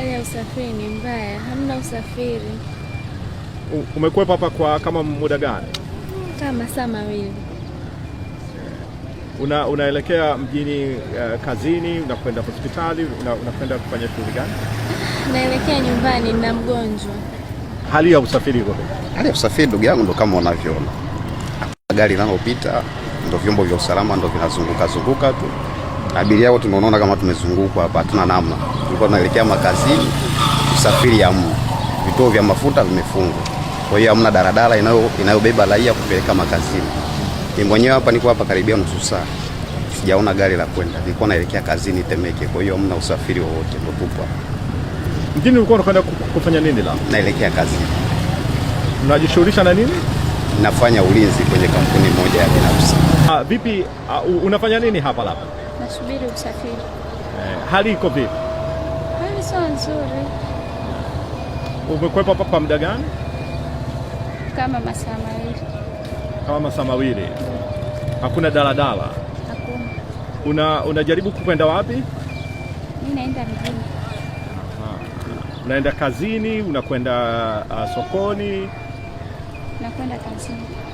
Hali ya usafiri ni mbaya, hamna usafiri. Umekuwepo hapa kwa kama muda gani? Kama saa mawili. Una, unaelekea mjini uh, kazini, unakwenda hospitali, unakwenda una kufanya shughuli gani? Naelekea nyumbani, na mgonjwa. Hali ya usafiri iko Hali ya usafiri ndugu yangu ndo kama unavyoona, gari linalopita ndo vyombo vya usalama ndo vinazunguka zunguka tu abiria wote tumeona kama tumezungukwa hapa, hatuna namna. Tulikuwa tunaelekea makazini, usafiri hamna, vituo vya mafuta vimefungwa, kwa hiyo hamna daradara inayo inayobeba raia kupeleka makazini. Ni mwenyewe hapa, niko hapa karibia nusu saa, sijaona gari la kwenda, nilikuwa naelekea kazini Temeke, kwa hiyo hamna usafiri wowote, ndo tupo Mjini ulikuwa unakwenda kufanya nini? La, naelekea kazini. Unajishughulisha na nini? Nafanya ulinzi kwenye kampuni moja ya binafsi. Ah, vipi, uh, unafanya nini hapa lapa? nasubiri usafiri. Eh, hali iko vipi? Hali sio nzuri. Umekwepa papa muda gani? Kama masaa mawili. Kama masaa mawili. Hakuna daladala? Hakuna. Una unajaribu kwenda wapi? Mimi naenda mjini. Unaenda kazini? Unakwenda uh, sokoni? Nakwenda kazini.